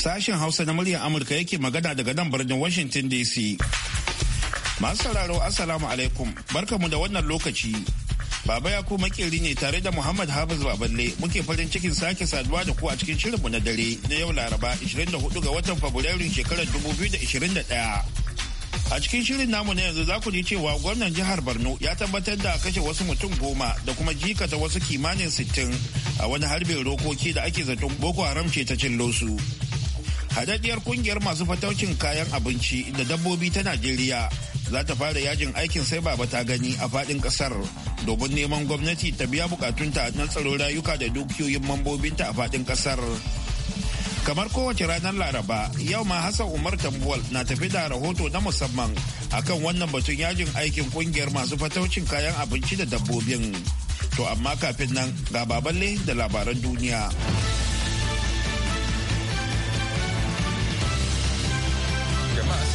Sashen Hausa na muryar Amurka yake magana daga nan birnin Washington DC. Masu sauraro Assalamu alaikum, barkamu da wannan lokaci. Baba ya Yaku makeri ne tare da Muhammad Hafiz Baballe muke farin cikin sake saduwa da ku a cikin shirinmu na dare na yau Laraba 24 ga watan Fabrairu shekarar 2021. A cikin shirin namu na yanzu za ku ji cewa gwamnan jihar Borno ya tabbatar da kashe wasu mutum goma da kuma jikata wasu kimanin sittin a wani harbin rokoki da ake zaton Boko Haram ce ta cin losu. hadaddiyar kungiyar masu fataucin kayan abinci da dabbobi ta najeriya za ta fara yajin aikin sai ba ta gani a fadin kasar domin neman gwamnati ta biya bukatunta na tsaro rayuka da dukiyoyin mambobinta a fadin kasar kamar kowace ranar laraba yau ma hassan umar tambuwal na tafi da rahoto na musamman akan wannan batun yajin aikin kungiyar masu fataucin kayan abinci da dabbobin to amma kafin nan ga baballe da labaran duniya.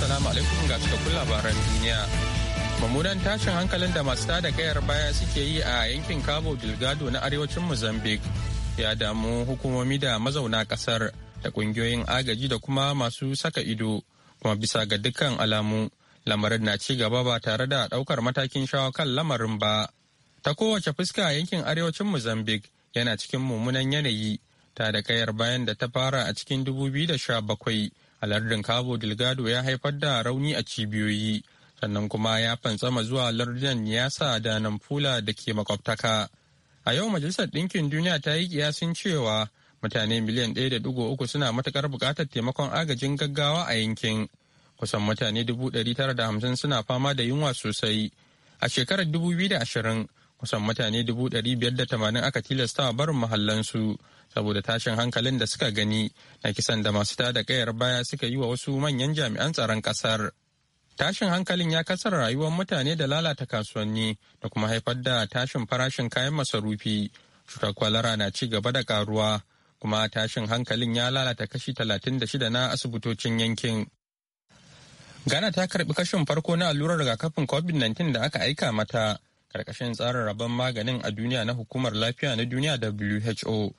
Assalamu alaikum ga cikakkun labaran duniya. Mummunan tashin hankalin da masu tada kayar baya suke yi a yankin Cabo Delgado na arewacin Mozambique ya damu hukumomi da mazauna kasar da kungiyoyin agaji da kuma masu saka ido kuma bisa ga dukkan alamu lamarin na ci gaba ba tare da daukar matakin shawo kan lamarin ba. Ta kowace fuska yankin arewacin Mozambique yana cikin mummunan yanayi ta da kayar bayan da ta fara a cikin 2017 a lardin cabo delgado ya haifar da rauni a cibiyoyi sannan kuma ya fantsama zuwa lardunan niyasa da namfula da ke makwabtaka a yau majalisar ɗinkin duniya ta yi kiyasin cewa mutane miliyan da 1.3 suna matukar buƙatar taimakon agajin gaggawa a yankin kusan mutane dubu tara da hamsin suna fama da yunwa sosai a shekarar dubu biyu da ashirin. kusan mutane dubu ɗari biyar da tamanin aka tilasta barin mahallansu saboda tashin hankalin da suka gani na kisan da masu tada kayar baya suka yi wa wasu manyan jami'an tsaron kasar. Tashin hankalin ya kasar rayuwar mutane da lalata kasuwanni da kuma haifar da tashin farashin kayan masarufi. Cutar kwalara na ci gaba da karuwa kuma tashin hankalin ya lalata kashi talatin da shida na asibitocin yankin. Ghana ta karbi kashin farko na allurar rigakafin COVID-19 da aka aika mata karkashin tsarin rabon maganin a duniya na hukumar lafiya na duniya WHO.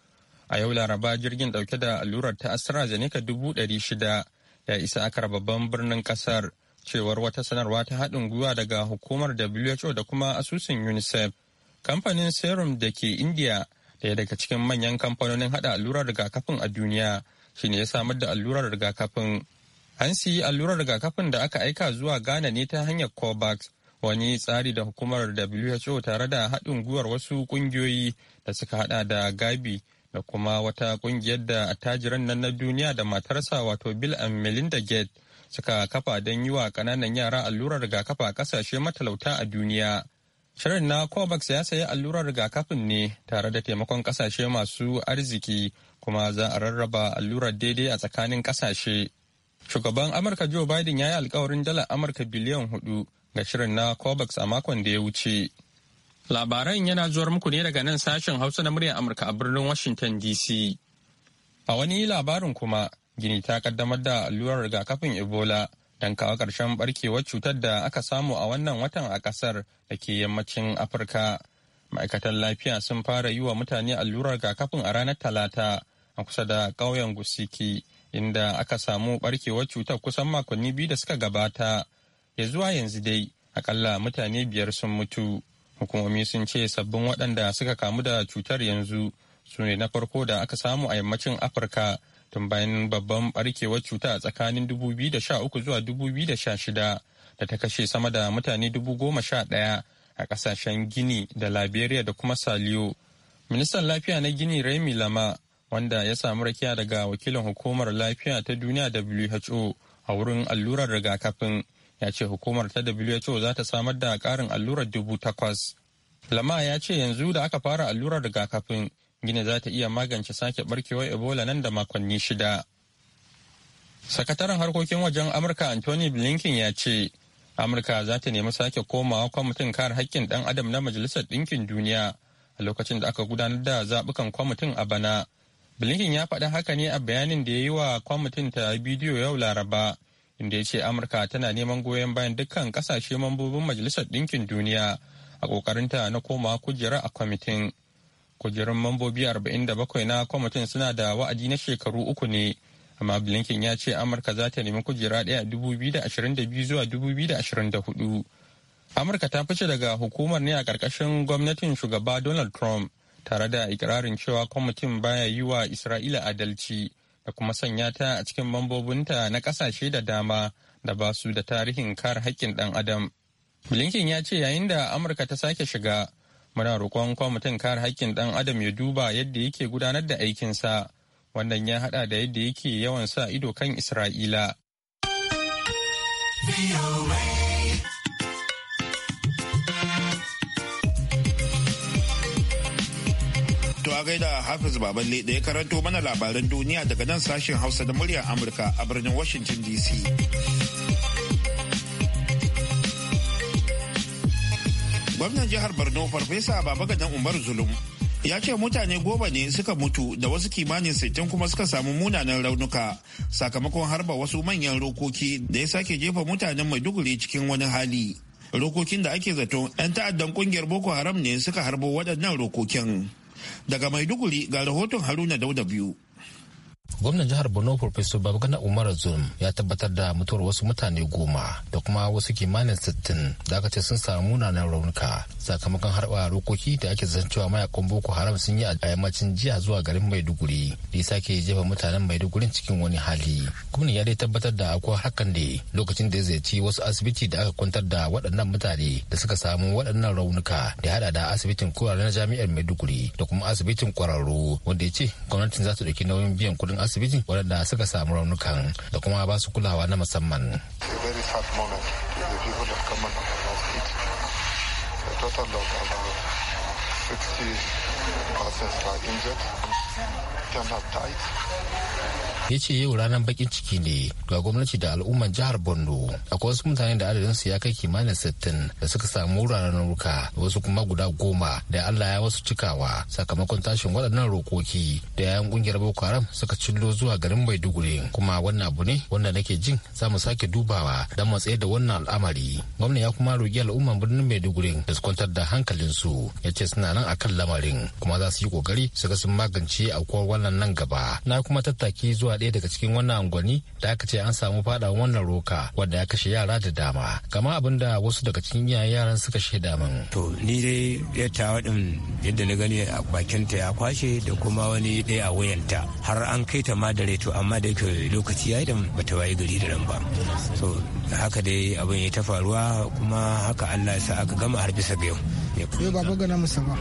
A yau laraba jirgin ɗauke da allurar ta AstraZeneca dubu ɗari shida ya isa akar babban birnin ƙasar cewar wata sanarwa ta haɗin gwiwa daga hukumar WHO da kuma asusun UNICEF. Kamfanin Serum da ke India daya daga cikin manyan kamfanonin haɗa allurar rigakafin a duniya shi ne ya samar da allurar rigakafin. An siyi allurar rigakafin da aka aika zuwa Ghana ne ta hanyar COVAX wani tsari da hukumar who tare da haɗin gwiwar wasu ƙungiyoyi da suka haɗa da gabi da kuma wata ƙungiyar da attajiran nan na duniya da matarsa wato bill and melinda Gates suka kafa don yi wa ƙananan yara allurar rigakafa kafa ƙasashe matalauta a duniya shirin na covax ya sayi allurar rigakafin ne tare da taimakon ƙasashe masu arziki kuma za a rarraba allurar daidai a tsakanin ƙasashe shugaban amurka joe biden ya yi alkawarin dala amurka biliyan hudu ga shirin na Covax a makon da ya wuce. Labaran yana zuwar muku ne daga nan sashen Hausa na muryar Amurka a birnin Washington DC. A wani labarin kuma, Gini ta kaddamar da allurar rigakafin Ebola don kawo ƙarshen barkewar cutar da aka samu a wannan watan a ƙasar da ke yammacin Afirka. Ma'aikatan lafiya sun fara yi wa mutane allurar rigakafin a ranar Talata a kusa da ƙauyen Gusiki, inda aka samu barkewar cutar kusan makonni biyu da suka gabata. ya zuwa yanzu dai akalla mutane biyar sun mutu hukumomi sun ce sabbin waɗanda suka kamu da cutar yanzu su ne na farko da aka samu a yammacin afirka tun bayan babban barkewar cuta a tsakanin 2013 zuwa 2016 da ta kashe sama da mutane 11,000 a kasashen gini da liberia da kuma saliyo ministan lafiya na gini remi lama wanda ya samu rakiya daga wakilin hukumar lafiya ta duniya who a wurin allurar rigakafin ya ce hukumar ta WHO za ta samar da karin allurar dubu takwas. Lama ya ce yanzu da aka fara allurar rigakafin gina za ta iya magance sake barkewar Ebola nan da makonni shida. Sakataren harkokin wajen Amurka Anthony Blinken ya ce, Amurka za ta nemi sake komawa kwamitin kare haƙƙin ɗan adam na Majalisar Ɗinkin Duniya a lokacin da aka gudanar da zaɓukan kwamitin a bana. Blinken ya faɗi haka ne a bayanin da ya yi wa kwamitin ta bidiyo yau Laraba inda ya ce amurka tana neman goyon bayan dukkan kasashe mambobin majalisar ɗinkin duniya a ƙoƙarinta na koma kujera a kwamitin kujerun mambobi 47 na kwamitin suna da wa'adi na shekaru uku ne amma blinken ya ce amurka za ta nemi kujera ɗaya 2022 zuwa 2024 amurka ta fice daga hukumar ne a ƙarƙashin gwamnatin shugaba donald trump tare da ikirarin cewa kwamitin baya yi wa isra'ila adalci da kuma sanya ta a cikin mambobinta na ƙasashe da dama da ba su da tarihin kare haƙƙin ɗan adam. Blinken ya ce yayin da Amurka ta sake shiga, muna roƙon kwamitin kare haƙƙin ɗan adam ya duba yadda yake gudanar da aikinsa, wannan ya haɗa da yadda yake yawan sa ido kan Isra'ila. gaida Hafiz Baballe da ya karanto mana labaran duniya daga nan sashen Hausa da muryar Amurka a birnin Washington DC. Gwamnan jihar Borno Farfesa baba Babagadan Umar Zulum ya ce mutane goma ne suka mutu da wasu kimanin sittin kuma suka samu munanan raunuka sakamakon harba wasu manyan rokoki da ya sake jefa mutanen maiduguri cikin wani hali rokokin da ake zato 'yan ta'addan kungiyar boko haram ne suka harbo waɗannan rokokin Daga Maiduguri ga rahoton Haruna Dauda biyu. gwamnan jihar borno professor babagana umar zulum ya tabbatar da mutuwar wasu mutane goma da kuma wasu kimanin sittin da aka ce sun samu munanan raunuka sakamakon harba rokoki da ake zancewa mayakan boko haram sun yi a yammacin jiya zuwa garin maiduguri da ya sake jefa mutanen maiduguri cikin wani hali gwamnan ya dai tabbatar da akwai hakan ne lokacin da ya ziyarci wasu asibiti da aka kwantar da waɗannan mutane da suka samu waɗannan raunuka da hada da asibitin kura na jami'ar maiduguri da kuma asibitin kwararru wanda ya ce gwamnatin za ta ɗauki nauyin biyan kuɗin ma'aikatan asibiti waɗanda suka samu raunukan da kuma ba su kulawa na musamman. total of about 60 persons are injured. ya ce yau ranar bakin ciki ne ga gwamnati da al'umman jihar borno akwai wasu mutane da adadinsu ya kai kimanin sittin da suka samu wuraren ruka wasu kuma guda goma da allah ya wasu cikawa sakamakon tashin waɗannan rokoki da yayan ƙungiyar boko haram suka cillo zuwa garin maiduguri kuma wannan abu ne wanda nake jin za mu sake dubawa don mu tsaye da wannan al'amari gwamnati ya kuma roƙi al'umman birnin maiduguri da su kwantar da hankalinsu ya ce suna nan akan lamarin kuma za su yi ƙoƙari su ga sun magance aukuwar wannan nan gaba na kuma tattaki zuwa ɗaya daga cikin wannan angwani da aka ce an samu fada wannan roka wanda ya kashe yara da dama kama abinda wasu daga cikin iyayen yaran suka shaida min to ni dai ya tawa din yadda na gani a ta ya kwashe da kuma wani ɗaya a wayanta har an kai ta ma da to amma da yake lokaci ya yi da bata waye gari da nan ba so haka dai abin ya ta faruwa kuma haka Allah ya sa aka gama har bisa ga yau. Yau ba ga na musamman.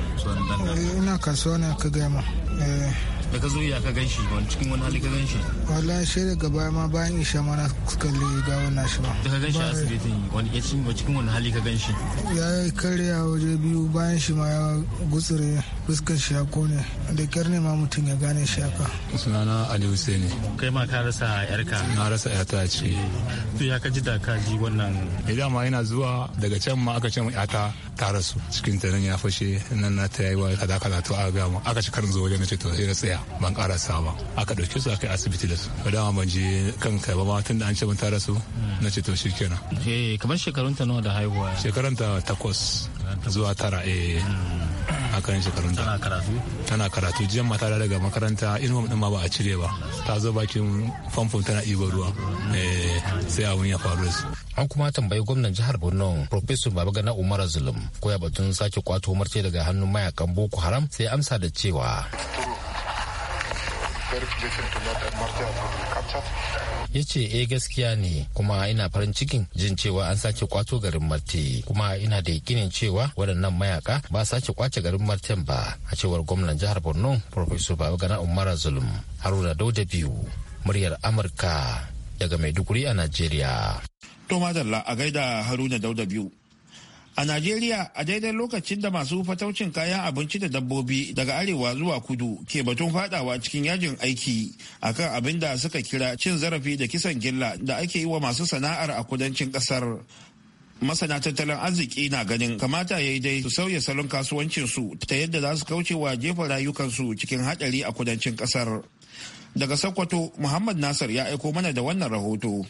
Eh, ina kasuwa na ka gama. da ka zo ya ka gan shi wani cikin wani hali ka gan shi Wala shi da gaba ma bayan isha ma na kalli gawar na shi ba da ka gan shi a asibiti wani ya cikin wani hali ka gan shi ya yi karya waje biyu bayan shi ma ya gutsure fuskar shi ya kone da kyar ne ma mutum ya gane shi haka sunana ali husaini kai ma ka rasa yarka na rasa yata ce to ya ka ji da ka ji wannan idan eh, ma yana zuwa daga can ma aka ce mu yata ta rasu cikin tarin ya fashe nan na ta yi wa kada kada to a ga mu aka ci karin zo wajen na ce to sai na tsaya ban karasa ba aka dauke su aka asibiti da su da dama ban je kan kai ba tun da an ce ban tara su hmm. na ce to shi kenan. Eh, kamar shekarun ta nawa da haihuwa shekarun ta takwas zuwa tara eh hmm. a kan shekarun ta. Tana karatu? Tana karatu. Jiyan mata da daga makaranta inuwa din ma ba a cire ba. Ta zo bakin famfon tana ibo ruwa. Eh, sai abun ya faru su. An kuma tambayi gwamnan jihar Borno Professor Babagana Umar Zulum ko ya batun sake kwato marce daga hannun mayakan Boko Haram sai amsa da cewa. ya ce eh gaskiya ne kuma ina farin cikin jin cewa an sake kwato garin marti kuma ina da yakinin cewa waɗannan mayaka ba sake kwace garin martin ba a cewar gwamnan jihar borno professor babagana umar zulum haruna dauda biyu muryar amurka daga maiduguri a najeriya to madalla a gaida haruna dauda biyu A Najeriya a daidai lokacin da masu fataucin kayan abinci da dabbobi daga arewa zuwa kudu ke batun fadawa cikin yajin aiki akan abin da suka kira cin zarafi da kisan gilla da ake yi wa masu sana'ar a kudancin kasar. Masana tattalin arziki na ganin kamata ya yi dai su sauya salon kasuwancinsu ta yadda za su kauce wa jefa rayukansu cikin haɗari a kudancin kasar. Daga Sokoto, Muhammad Nasir ya aiko mana da wannan rahoto.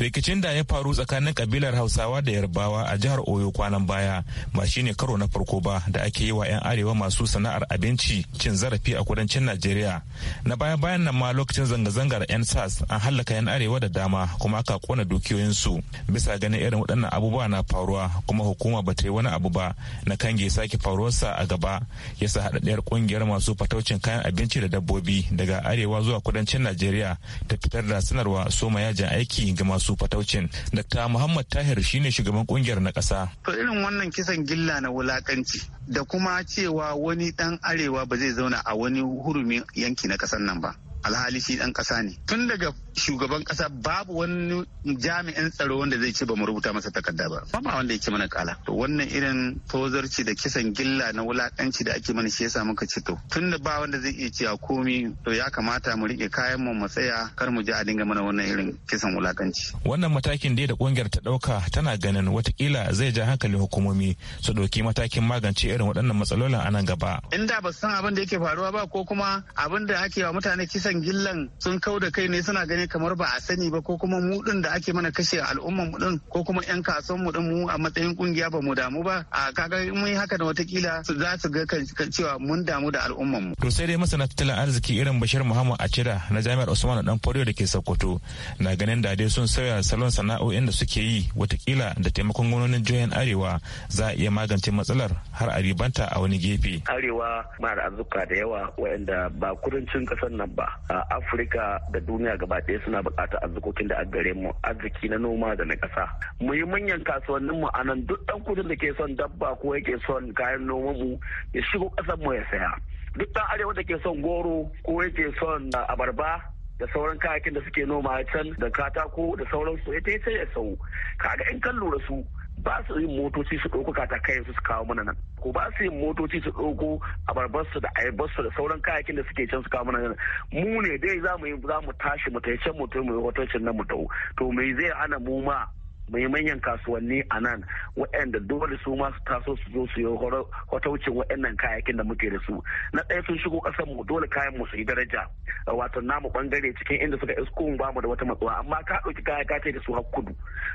rikicin da ya faru tsakanin kabilar hausawa da yarbawa a jihar oyo kwanan baya ba shine karo na farko ba da ake yi wa 'yan arewa masu sana'ar abinci cin zarafi a kudancin najeriya na baya bayan nan ma lokacin zanga-zangar 'yan sas an hallaka 'yan arewa da dama kuma aka kona dukiyoyinsu bisa ganin irin waɗannan abubuwa na faruwa kuma hukuma bata yi wani abu ba na kange sake faruwarsa a gaba ya sa haɗaɗɗiyar kungiyar masu fataucin kayan abinci da dabbobi daga arewa zuwa kudancin najeriya ta fitar da sanarwa soma yajin aiki ga masu su fataucin dr muhammad tahir shine shugaban kungiyar na kasa to irin wannan kisan gilla na wulakanci da kuma cewa wani dan arewa ba zai zauna a wani hurumin yanki na ƙasar nan ba alhali shi dan kasa ne tun daga shugaban kasa babu wani jami'in tsaro wanda zai ce ba mu rubuta masa takarda ba ba ma wanda yake mana kala to wannan irin tozarci da kisan gilla na wulakanci da ake mana shi yasa muka ci to tun da ba wanda zai iya cewa komi to ya kamata mu rike kayan mu tsaya kar mu ji a dinga mana wannan irin kisan wulakanci wannan matakin dai da kungiyar ta dauka tana ganin watakila zai ja hankali hukumomi su dauki matakin magance irin waɗannan matsalolin a nan gaba in da ba san abin da yake faruwa ba ko kuma abin da ake wa mutane kisan wancan gillan sun kau da kai ne suna gani kamar ba a sani ba ko kuma mu din da ake mana kashe al'umman mu din ko kuma yan kasuwan mu din mu a matsayin kungiya ba mu damu ba a kaga mun yi haka da watakila za su ga cewa mun damu da al'umman mu. To sai dai masana tattalin arziki irin Bashir Muhammad Acira na Jami'ar Usman Dan Fodio da ke Sokoto na ganin da dai sun sauya salon sana'o'in da suke yi watakila da taimakon gwamnonin jihohin Arewa za a iya magance matsalar har a ribanta a wani gefe. Arewa mara azuka da yawa waɗanda ba kudancin ƙasar nan ba A afirka da duniya gaba ɗaya suna buƙatar arzikokin da a gare mu arziki na noma da na ƙasa muhimmanyan kasuwannin mu a nan duk ɗan kudin da ke son dabba ko yake son kayan noman mu ya shigo ƙasar mu ya saya duk ɗan arewa da ke son goro ko yake son abarba da sauran kayakin da suke noma can da katako da sauransu ita ya sau kaga in kan lura su ba su yin motoci su ɗauko katakai su kawo mana nan ko ba su yin motoci su ɗauko abarbarsu da ayyabarsu da sauran kayakin da suke can su kawo mana nan mu ne dai za mu za mu tashi mu tayi can mu tayi mu hotocin nan mu tau to me zai hana mu ma mai manyan kasuwanni a nan waɗanda dole su masu taso su zo su yi wucin waɗannan kayayyakin da muke da su na ɗaya sun shigo kasar mu dole kayan mu su yi daraja wato namu bangare cikin inda suka isko mu bamu da wata matsuwa amma ka ɗauki kaya ka ce da su har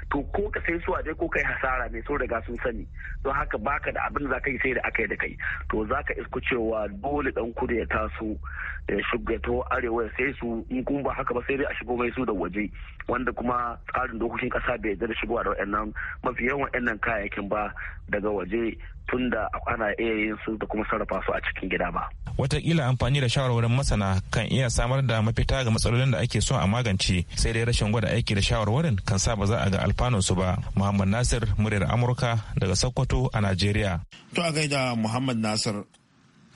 to ko ka sai su a ko kai hasara ne sun riga sun sani don haka baka da abin za ka yi sai da aka yi da kai to za ka isko cewa dole ɗan kudu ya taso ya shiga to arewa ya sai su in kun ba haka ba sai dai a shigo mai su da waje wanda kuma tsarin dokokin ƙasa bai yarda da shigowa da wa'annan mafi yawan waɗannan kayayyakin ba daga waje tunda ana iya yin su da kuma sarrafa su a cikin gida ba. Wataƙila amfani da shawarwarin masana kan iya samar da mafita ga matsalolin da ake so a magance sai dai rashin gwada aiki da shawarwarin kan sa ba za a ga alfanun su ba. Muhammad Nasir muryar Amurka daga Sokoto a Najeriya. To a gaida Muhammad Nasir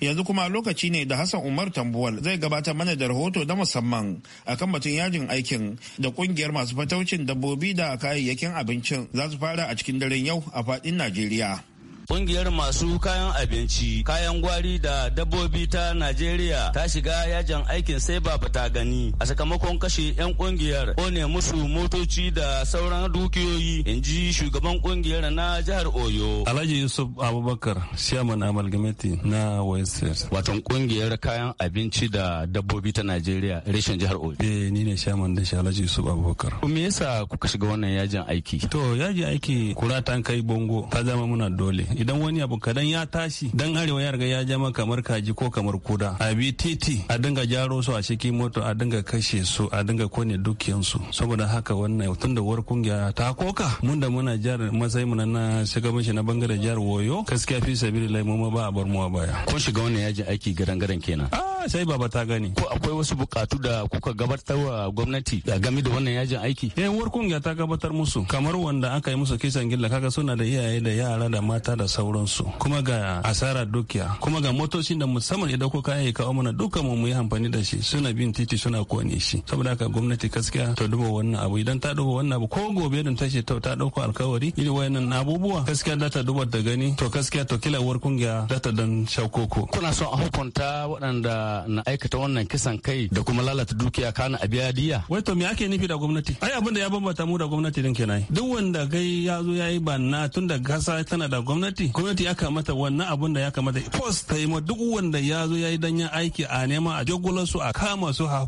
yanzu kuma lokaci ne da hassan umar tambuwal zai gabatar mana da rahoto na musamman akan batun yajin aikin da kungiyar masu fataucin dabbobi da kayayyakin abincin za su fara a cikin daren yau a fadin najeriya Kungiyar masu kayan abinci, kayan gwari da dabbobi ta Najeriya ta shiga yajin aikin sai ba ta gani a sakamakon kashe 'yan kungiyar ne musu motoci da sauran dukiyoyi in ji shugaban kungiyar na jihar Oyo. Alhaji Yusuf Abubakar, Shaman Amalgamati na Westers. Watan kungiyar kayan abinci da dabbobi ta Najeriya reshen jihar Oyo. Eh ni ne Shaman da Alhaji Yusuf Abubakar. Me yasa kuka shiga wannan yajin aiki? To yajin aiki kura ta kai bongo ta zama muna dole idan wani abu kadan ya tashi dan arewa ya riga ya jama kamar kaji ko kamar kuda a bi titi a dinga jaro su a cikin moto a dinga kashe su a dinga kone dukiyansu saboda haka wannan tun da war kungiya ta koka mun da muna jar matsayi mun na shugabanci na bangaren jihar woyo gaskiya fi sabilillahi mu ma ba a bar mu a baya ko shiga wannan yaji aiki gadan gadan kenan ah, sai baba ta gani ko akwai wasu bukatu da kuka gabatar wa gwamnati game da wannan yajin aiki eh war kungiya ta gabatar musu kamar wanda aka yi musu kisan gilla kaga suna da iyaye da yara da mata da sauransu kuma ga asara dukiya kuma ga motocin da musamman idan ko kayan kawo mana dukkan mu yi amfani da shi suna bin titi suna kone shi saboda haka gwamnati gaskiya ta duba wannan abu idan ta duba wannan abu ko gobe din tashi ta ta dauko alkawari irin wayannan abubuwa gaskiya da ta duba da gani to gaskiya to kilawar kungiya da ta dan shakoko kuna son a hukunta waɗanda na aikata wannan kisan kai da kuma lalata dukiya kana a biya diya wai to me ake nufi da gwamnati ai abin da ya bambata mu da gwamnati din kenan duk wanda gai ya zo ya yi banna tun da kasa tana da gwamnati gwamnati ya kamata wannan abin da ya kamata post ta yi ma duk wanda ya zo ya yi danyen aiki a nema a jogulan su a kama su a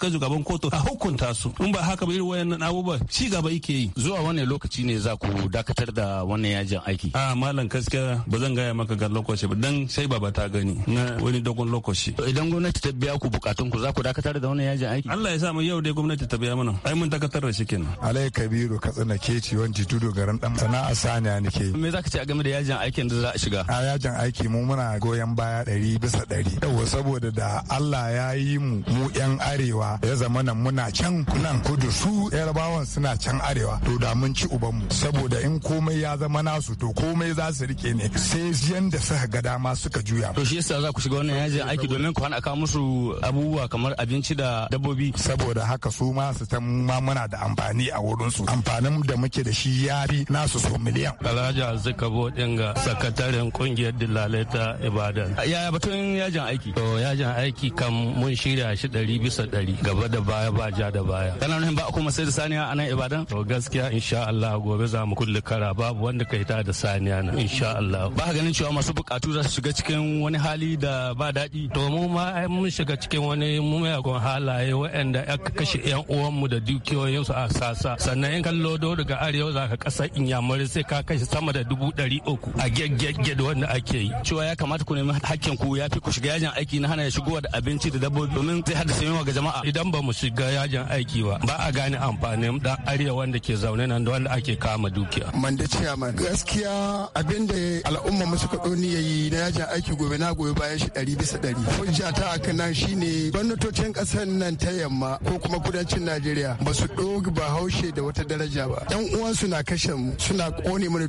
kai shugaban kotu a hukunta su in ba haka ba irin wayannan abubuwa ci gaba yake yi zuwa wani lokaci ne za ku dakatar da wannan yajin aiki a malam gaskiya ba zan gaya maka ga lokaci ba dan sai ba ta gani na wani dogon lokaci idan gwamnati ta biya ku bukatun ku za ku dakatar da wannan yajin aiki Allah ya sa mu yau dai gwamnati ta biya mana ai mun dakatar da shi kenan Alai Kabiru Katsina Keci wanti tudu garin dan sana'a saniya nake me zaka ce a game da yajin aikin da za a shiga a yajin aiki mu muna goyon baya ɗari bisa ɗari yau saboda da Allah ya yi mu mu yan arewa ya zama nan muna can nan kudu su yarabawan suna can arewa to da mun ci ubanmu saboda in komai ya zama nasu to komai za su rike ne sai yanda suka ga dama suka juya to shi yasa za ku shiga wannan yajin aiki domin Kwana ku hana kawo musu abubuwa kamar abinci da dabbobi saboda haka su ma su san ma muna da amfani a wurin su amfanin da muke da shi ya fi nasu su miliyan alhaji azzika bodin ga sakataren kungiyar dillalai ta ibadan yaya batun yajin aiki to yajin aiki kan mun shirya shi ɗari bisa ɗari gaba da baya ba ja da baya kana nuhin ba kuma sai da saniya a nan ibadan to gaskiya insha Allah gobe za mu kulle kara babu wanda kai ta da saniya na insha Allah ba ganin cewa masu bukatu za su shiga cikin wani hali da ba daɗi to mu ma mun shiga cikin wani mumayagun halaye waɗanda aka kashe yan uwanmu da dukiyoyinsu a sasa sannan in kallo do daga arewa za ka kasa inyamuri sai ka kashe sama da dubu ɗari uku a gyaggyaggya da wanda ake yi. cewa ya kamata ku nemi hakkin ku ya fi ku shiga yajin aiki na hana ya shigowa da abinci da dabbobi domin zai haddasa yawa ga jama'a. idan ba mu shiga yajin aiki ba ba a gane amfanin dan arewa wanda ke zaune nan da wanda ake kama dukiya. manda ciyaman gaskiya abinda al'umma mu suka ɗoni yayi na yajin aiki gobe na gobe bayan shi ɗari bisa ɗari. hujja ta aka nan shine gwamnatocin ƙasar nan ta yamma ko kuma kudancin Najeriya ba su ba haushe da wata daraja ba. Yan uwansu na kashe mu suna kone mana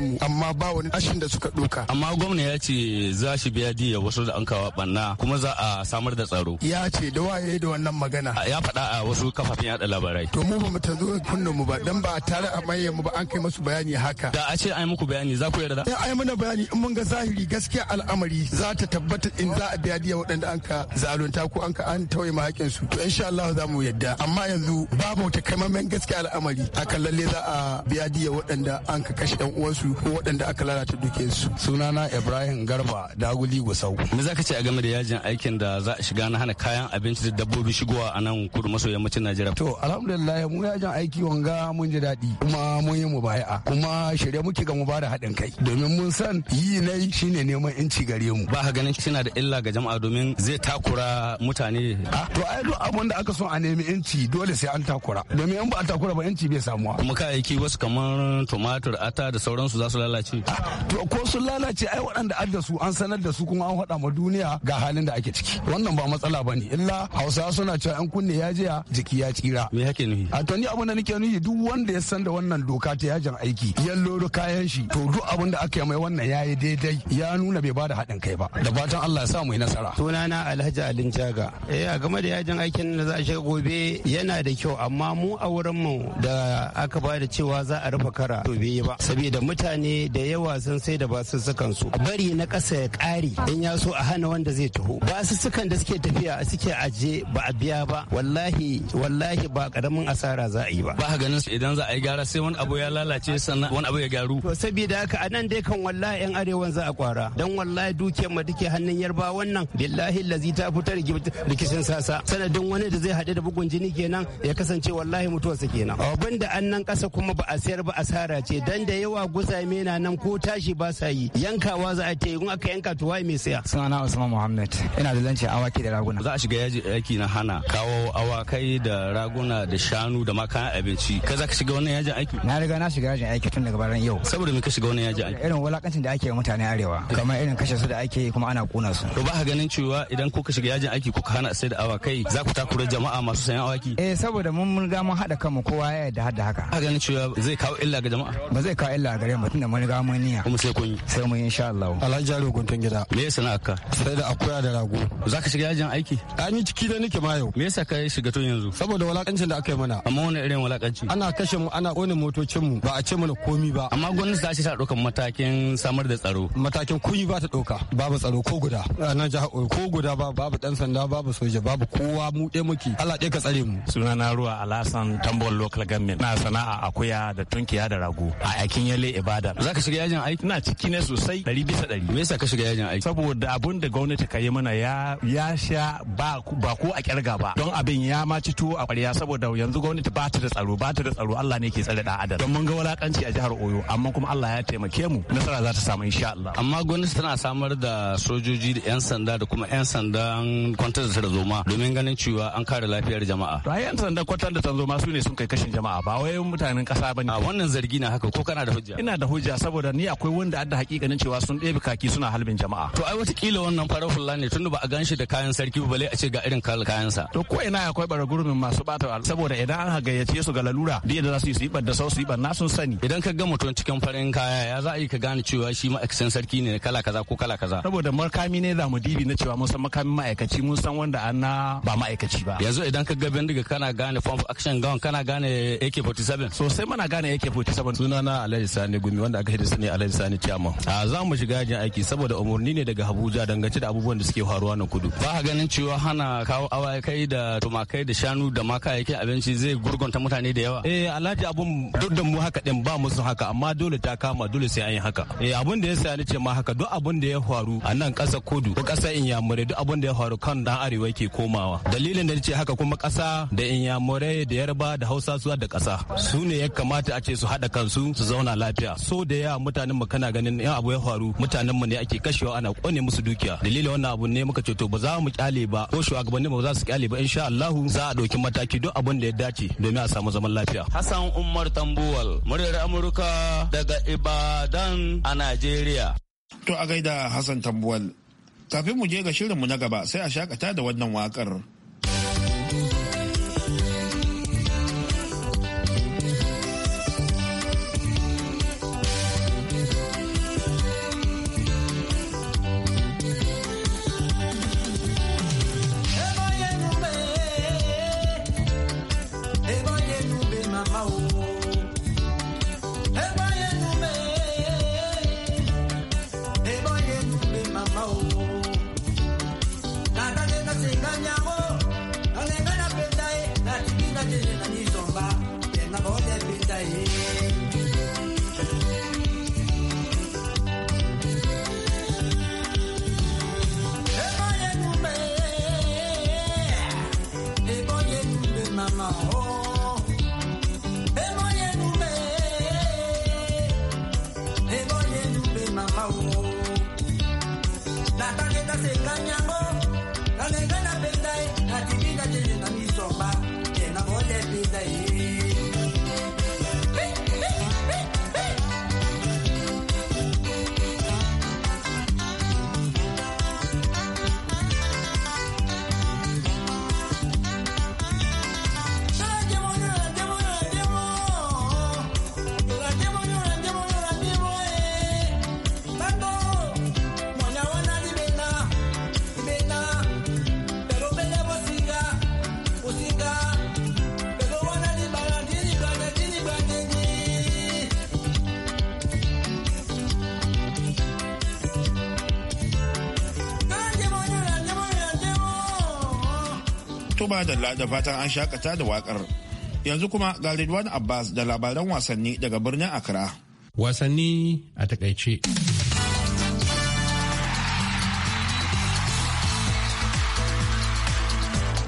mu amma ba wani ashin da suka doka. Amma gwamna ya ce za shi biya diya wasu da an kawo banna kuma za a samar da tsaro. Ya ce da waye da wannan magana. Ya faɗa a wasu kafafen yada labarai. To mu ba mu ta zo kunnen mu ba dan ba a tare a maye mu ba an kai masu bayani haka. Da a ce an yi muku bayani za ku yarda. Ya eh, ai mana bayani in mun ga zahiri gaskiya al'amari za ta tabbata in za a biya diya waɗanda an ka zalunta ko an ka an tauye ma haƙƙin su to insha Allah za mu yadda amma yanzu babu kamamen gaskiya al'amari akan lalle za a biya diya waɗanda an ka kashe ɗan uwansu ko waɗanda aka lalata dukiyarsu sunana Ibrahim Garba Daguli Gusau me zaka ce a game da yajin aikin da za a shiga na hana kayan abinci da dabbobi shigowa a nan kudu maso yammacin Najeriya to alhamdulillah mu yajin aiki wanga mun ji daɗi kuma mun yi mubaya'a kuma shirye muke ga mu bada haɗin kai domin mun san yi nai shine neman inci gare mu ba ganin tana da illa ga jama'a domin zai takura mutane ah, to ai duk abin da aka son a nemi yanci dole sai an takura domin in ba a takura ba yanci bai samuwa kuma kayayyaki wasu kamar tumatur ata da sauransu za su lalace ah, to ko sun lalace ai waɗanda adda su an sanar da su kuma an faɗa ma duniya ga halin da ake ciki wannan ba matsala ba ne illa hausawa suna cewa yan kunne ya jiya jiki ya tsira me yake nufi a ah, to ni abin da nake nufi duk wanda ya san da wannan doka ta yajin aiki ya loro kayan shi to duk abin da aka yi mai wannan yayi daidai ya nuna bai bada haɗin kai ba da fatan Allah ya sa mu yi nasara sunana alhaji alin jaga eh a game da yajin aikin da za a shiga gobe yana da kyau amma mu a wurin mu da aka ba da cewa za a rufe kara to bai ba saboda mutane da yawa sun sai da basu sukan su bari na ƙasa ya ƙari in ya so a hana wanda zai taho basu sukan da suke tafiya suke aje ba a biya ba wallahi wallahi ba karamin asara za a yi ba ba ganin idan za a yi gara sai wani abu ya lalace sannan wani abu ya gyaru to saboda haka anan dai kan wallahi yan arewan za a kwara dan wallahi dukiyar mu take hannun yarba wannan billahi lazi ta fitar rikicin sasa sanadin wani da zai haɗe da bugun jini kenan ya kasance wallahi mutuwarsa kenan abin da an ƙasa kuma ba a sayar ba asara ce dan da yawa guzame na nan ko tashi ba sa yi yankawa za a ta in aka yanka to wai mai saya sunana usman muhammad ina da zance awaki da raguna za a shiga yaji aiki na hana kawo awakai da raguna da shanu da ma kayan abinci kai za ka shiga wannan yajin aiki na riga na shiga yajin aiki tun daga baran yau saboda me ka shiga wannan yajin aiki irin wulakancin da ake yi mutane arewa kamar irin kashe su da ake kuma ana kuna su to ba ka ganin cewa idan kuka shiga yajin aiki kuka hana sai da awakai za ku takura jama'a masu sayan awaki eh saboda mun mun ga mun hada kanmu kowa ya yarda da haka a ganin cewa zai kawo illa ga jama'a ba zai kawo illa gare mu tunda mun ga mun niyya kuma sai kun yi sai mun insha Allah Alhaji Jaro guntun gida me yasa naka sai da akuya da rago za ka shiga yajin aiki an yi ciki da nake ma yau me yasa ka shiga to yanzu saboda walakancin da aka yi mana amma wani irin walakanci ana kashe mu ana kone motocin mu ba a ce mana komi ba amma gwamnati ta ce ta daukan matakin samar da tsaro matakin kuyi ba ta dauka babu tsaro ko guda a nan jihar ko guda ba babu dan sanda babu soja babu kowa mu dai muke Allah dai ka tsare mu suna na ruwa alasan tambol local government na sana'a akuya da tunkiya da rago a yakin yale ibada zaka shiga yajin aiki na ciki ne sosai ɗari bisa ɗari me yasa ka shiga yajin aiki saboda abun da gwamnati ka yi mana ya ya sha ba ba ko a kirga ba don abin ya ma ci tuwo a ƙwarya saboda yanzu gwamnati ba ta da tsaro ba ta da tsaro Allah ne ke tsare da adam don mun ga wulakanci a jihar Oyo amma kuma Allah ya taimake mu nasara za ta samu insha Allah amma gwamnati tana samar da sojoji da 'yan sanda da kuma 'yan sandan kwantar da tarzoma domin ganin cewa an kare lafiyar jama'a. Ra'ayi 'yan sandan kwantar da tarzoma su ne sun kai kashin jama'a ba wai mutanen kasa ba ne. Wannan zargi na haka ko kana da hujja? Ina da hujja saboda ni akwai wanda adda hakikanin cewa sun ɗebe kaki suna halbin jama'a. To ai watakila wannan farar fulla ne tunda ba a gan shi da kayan sarki ba bale a ce ga irin kayansa. To ko ina akwai bara gurbin masu bata saboda idan an gayyace su ga lalura da yadda za su yi su yi da sau su yi na sun sani. Idan ka ga mutum cikin farin kaya ya za a yi ka gane cewa shi ma'aikacin sarki ne kala kaza ko kala kaza. Saboda markami ne za mu dibi na cewa mun san makamin ma'aikaci mun san wanda an na ba ma'aikaci ba yanzu idan ka ga bindiga kana gane of action gawan kana gane AK47 sai mana gane AK47 sunana Alhaji Sani Gumi wanda aka hidda sani Alhaji Sani Chama a za mu shiga yajin aiki saboda umarni ne daga Abuja dangance da abubuwan da suke faruwa na kudu ba ganin cewa hana kawo awakai da tumakai da shanu da ma kayayyakin abinci zai gurgunta mutane da yawa eh Alhaji abun duk da mu haka din ba mu sun haka amma dole ta kama dole sai an yi haka eh abun da ya sani ce ma haka duk abun da ya faru a nan ƙasa kudu ko ƙasa in inyamurai duk abin da ya faru kan dan arewa ke komawa dalilin da ce haka kuma kasa da inyamurai da yarba da hausa suwa da kasa su ne ya kamata a ce su haɗa kansu su zauna lafiya so da yawa mutanen mu kana ganin yan abu ya faru mutanen mu ne ake kashewa ana kone musu dukiya dalilin wannan abu ne muka ce to ba za mu kyale ba ko shugabanni ba za su kyale ba insha Allah za a ɗauki mataki duk abin da ya dace domin a samu zaman lafiya Hassan Umar Tambuwal muryar Amurka daga Ibadan a Najeriya to a gaida Hassan Tambuwal Kafin mu je ga shirinmu na gaba sai a shakata da wannan wakar. La tarjeta se amor. ba da Lada fatan an shakata da wakar. Yanzu kuma ga Ridwan Abbas da labaran wasanni daga birnin Accra. Wasanni a takaice.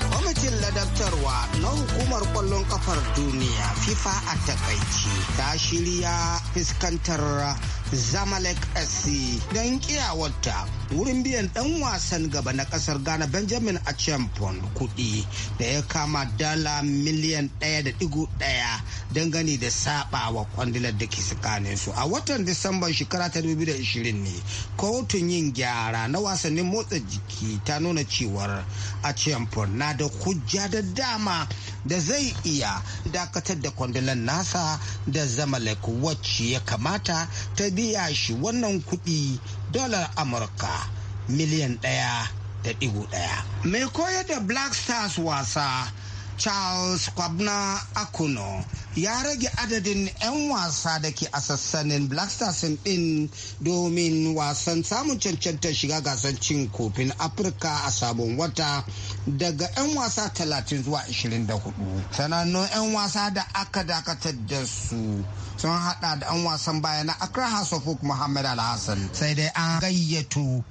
Kwamitin ladabtarwa na hukumar kwallon kafar duniya FIFA a takaice ta shirya fuskantar zamalek sc don kiyawarta wurin biyan dan wasan gaba na kasar ghana benjamin achampon kudi da ya kama dala miliyan 1.1 dangane da saba wa kwandilar da ke tsakanin su a watan disamban shekara ta 2020 ne kotun yin gyara na wasannin motsa jiki ta nuna cewar achampon na da hujja da dama da zai iya dakatar da kwandilar nasa da zamalek wacce ya kamata ta bi biya shi wannan kuɗi dalar amurka miliyan ɗaya da ɗigo ɗaya mai koyar da black stars wasa charles kwabna akuno ya rage adadin 'yan wasa da ke a sassanin black stars din domin wasan samun cancantar shiga gasar cin kofin afirka a sabon wata daga 'yan wasa 30 zuwa 24 sanannu 'yan wasa da aka dakatar da su sun hada da an wasan baya na Accra House of Muhammad Al-Hassan sai dai an gayyato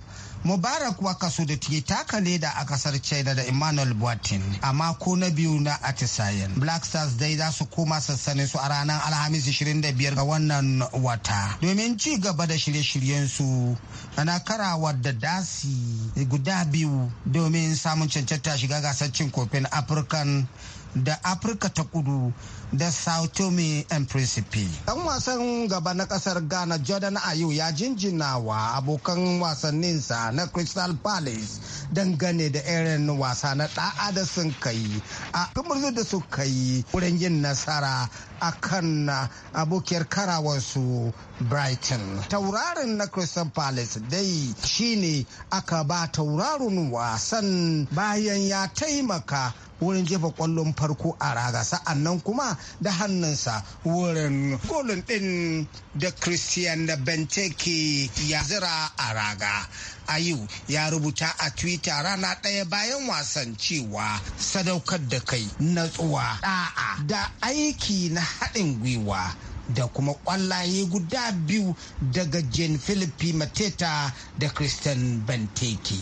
Mubarak Wakasu da take taka leda a kasar China da Emmanuel Boateng a mako na biyu na Atisayen. Black Stars dai za su koma sassanin su a ranar Alhamis 25 ga wannan wata. Domin ci gaba da shirye-shiryen su ana karawa da dasi guda biyu domin samun cancanta shiga gasar cin kofin African da Afirka ta kudu da Sao Tome and Principe. Dan wasan gaba na kasar Ghana Jordan Ayew ya jinjina wa abokan wasanninsa na Crystal Palace dangane da irin wasa na da'a da sun kai a kamar da su kai wurin yin nasara akan uh, abokiyar karawarsu brighton taurarin na crystal palace dai shine aka ba tauraron wasan bayan ya taimaka wurin jefa kwallon farko a raga sa'annan kuma da hannunsa wurin golin din da christian da benteke ya zira a raga ayu ya rubuta a twitter rana ɗaya bayan wasan cewa sadaukar da kai natsuwa da'a da aiki na haɗin gwiwa da kuma ƙwallaye guda biyu daga jane philippi mateta da christian benteke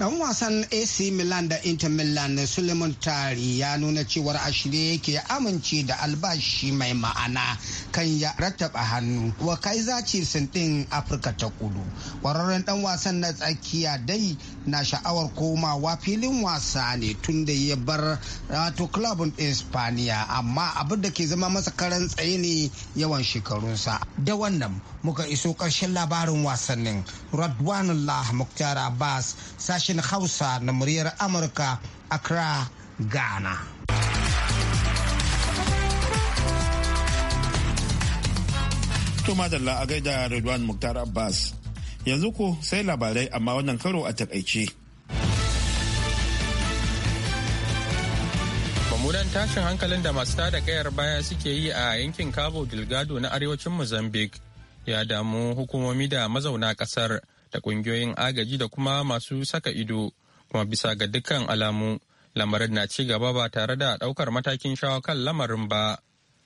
dan wasan ac milan da inter milan suleiman tari ya nuna cewar a shirye yake amince da albashi mai ma'ana kan ya rattaba hannu wa kaiza sun din afirka ta kudu kwararren dan wasan na tsakiya dai na sha'awar komawa filin wasa ne tunda ya bar rato club espaniya amma abin da ke zama masa karan tsaye ne yawan shekarunsa da wannan muka iso ƙarshen labarin wasannin radwanullah muktar abbas sashi sashen Hausa na muryar Amurka Accra, Ghana. Tuma da a gaida Redwan Muktar Abbas. Yanzu ko sai labarai amma wannan karo a takaice. mummunan tashin hankalin da masu tada kayar baya suke yi a yankin cabo delgado na arewacin mozambique ya damu hukumomi da mazauna kasar da ƙungiyoyin agaji da kuma masu saka ido kuma bisa ga dukkan alamu lamarin na ci gaba ba tare da ɗaukar matakin shawo kan lamarin ba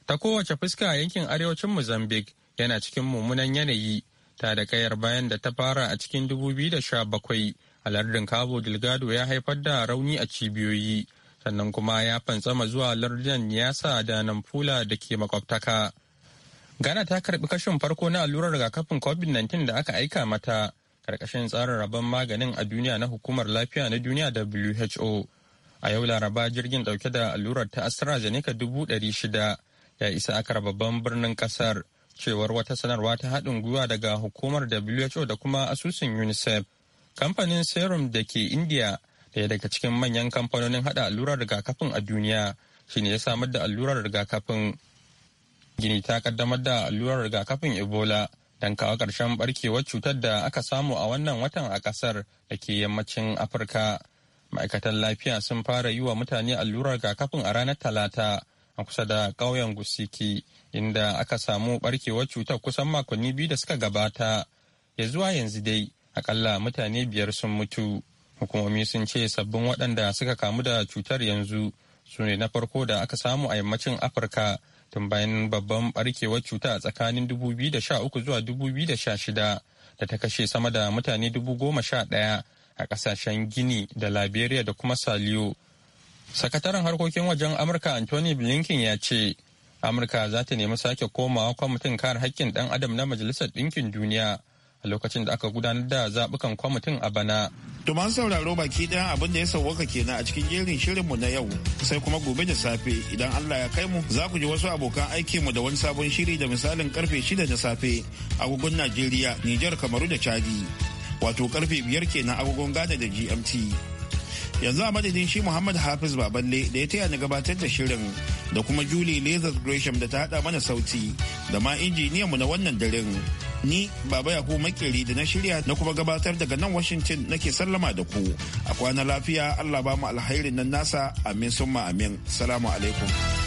ta kowace fuska yankin arewacin mozambique yana cikin mummunan yanayi ta da kayar bayan da ta fara a cikin 2017 a lardin cabo delgado ya haifar da rauni a cibiyoyi sannan kuma ya fantsama zuwa lardin yasa da namfula da ke makwabtaka ghana ta karbi kashin farko na allurar rigakafin covid-19 da aka aika mata ƙarƙashin tsarin rabon maganin a duniya na hukumar lafiya na duniya WHO. A yau Laraba jirgin ɗauke da allurar ta AstraZeneca dubu ɗari shida ya isa aka babban birnin ƙasar cewar wata sanarwa ta haɗin gwiwa daga hukumar WHO da kuma asusun UNICEF. Kamfanin Serum da ke India daya daga cikin manyan kamfanonin haɗa allurar rigakafin a duniya shine ya samar da allurar rigakafin. Gini ta kaddamar da allurar rigakafin Ebola don kawo ƙarshen barkewar cutar da aka samu a wannan watan a ƙasar da ke yammacin afirka ma'aikatan lafiya sun fara yi wa mutane allurar rigakafin a ranar talata a kusa da ƙauyen gusiki inda aka samu barkewar cutar kusan makonni biyu da suka gabata ya zuwa yanzu dai akalla mutane biyar sun mutu hukumomi sun ce sabbin waɗanda suka kamu da cutar yanzu su ne na farko da aka samu a yammacin afirka tun bayan babban barkewar cuta a tsakanin 2013 zuwa 2016 da ta kashe sama da mutane 11,000 a kasashen gini da liberia da kuma saliyo sakataren harkokin wajen amurka anthony blinken ya ce amurka za ta nemi sake komawa kwamitin kare hakkin ɗan adam na majalisar ɗinkin duniya a lokacin da aka gudanar da zaɓukan kwamitin a bana. Tuman sauraro baki ɗaya abin da ya sauwaka kenan a cikin jerin shirin mu na yau sai kuma gobe da safe idan Allah ya kai mu za ku ji wasu abokan aiki mu da wani sabon shiri da misalin karfe shida na safe agogon Najeriya, Nijar, Kamaru da Chadi. Wato karfe biyar kenan agogon Ghana da GMT. yanzu a madadin shi muhammad hafiz baballe da ya taya ni gabatar da shirin da kuma julie lazar gresham da ta haɗa mana sauti da ma injiniyanmu na wannan daren ni baba ya makeri da na shirya na kuma gabatar daga nan washington nake sallama da ku a kwana lafiya allah ba mu alhairin nan nasa amin summa amin salamu alaikum